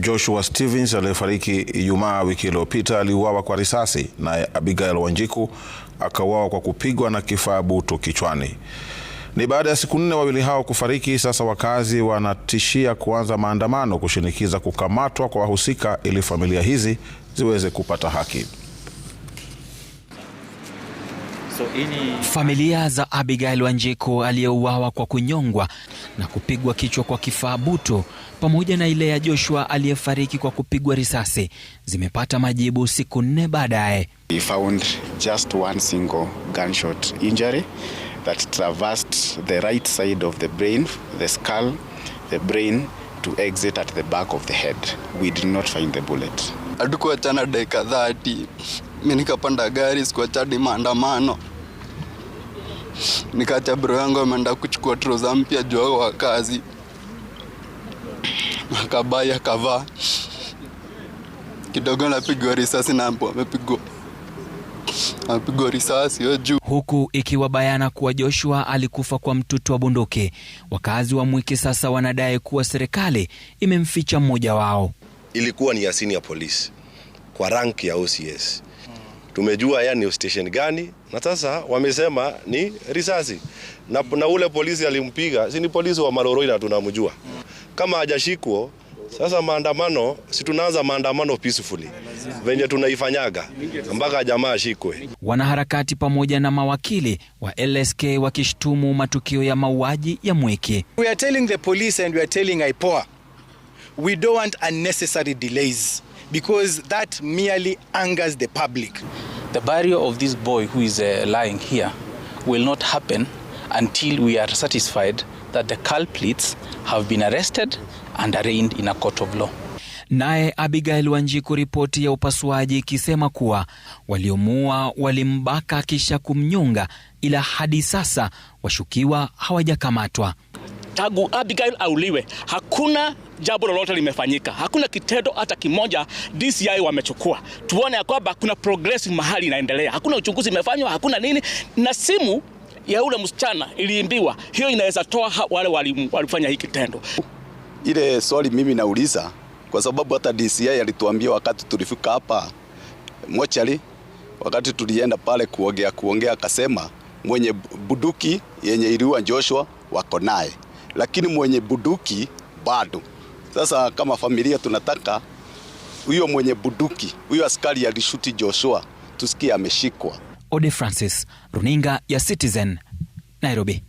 Joshua Stevens aliyefariki Ijumaa wiki iliyopita aliuawa kwa risasi, naye Abigail Wanjiku akauawa kwa kupigwa na kifaa butu kichwani. Ni baada ya siku nne wawili hao kufariki. Sasa wakazi wanatishia kuanza maandamano kushinikiza kukamatwa kwa wahusika ili familia hizi ziweze kupata haki so ili... Familia za Abigail Wanjiku aliyeuawa kwa kunyongwa na kupigwa kichwa kwa kifaa buto pamoja na ile ya Joshua aliyefariki kwa kupigwa risasi zimepata majibu siku nne baadaye. We found just one single gunshot injury that traversed the right side of the brain, the skull, the brain to exit at the back of the head. We did not find the bullet. Hatukuachana dakika 30. Mimi nikapanda gari sikuachadi maandamano nikaacha bro yangu ameenda kuchukua troza mpya juu wa kazi, akabai akavaa kidogo, napigwa risasi na amepigwa amepigwa risasi yo juu, huku ikiwa bayana kuwa Joshua alikufa kwa mtutu wa bunduki. Wakazi wa Mwiki sasa wanadai kuwa serikali imemficha mmoja wao. Ilikuwa ni Yasini ya polisi kwa rank ya OCS tumejua yani station gani, na sasa wamesema ni risasi na, na ule polisi alimpiga, si ni polisi wa Maroroi na tunamjua kama hajashikwa. Sasa maandamano, si tunaanza maandamano peacefully venye tunaifanyaga mpaka jamaa ashikwe. Wanaharakati pamoja na mawakili wa LSK wakishtumu matukio ya mauaji ya Mweke. We are telling the police and we are telling IPOA we don't want unnecessary delays because that merely angers the public. The burial of this boy who is uh, lying here will not happen until we are satisfied that the culprits have been arrested and arraigned in a court of law. Naye Abigail Wanjiku ripoti ya upasuaji ikisema kuwa waliomuua walimbaka kisha kumnyonga, ila hadi sasa washukiwa hawajakamatwa. Tangu Abigail auliwe hakuna jambo lolote limefanyika. Hakuna kitendo hata kimoja DCI wamechukua. Tuone ya kwamba kuna progress mahali inaendelea. Hakuna uchunguzi imefanywa, hakuna nini, na simu ya ule msichana iliimbiwa, hiyo inaweza toa wale walifanya hiki kitendo. Ile swali mimi nauliza kwa sababu hata DCI alituambia wakati tulifika hapa mochari, wakati tulienda pale kuongea kuongea, akasema mwenye buduki yenye iliua Joshua wako naye, lakini mwenye buduki bado sasa kama familia tunataka huyo mwenye buduki huyo askari alishuti Joshua tusikie ameshikwa. Ode Francis, runinga ya Citizen, Nairobi.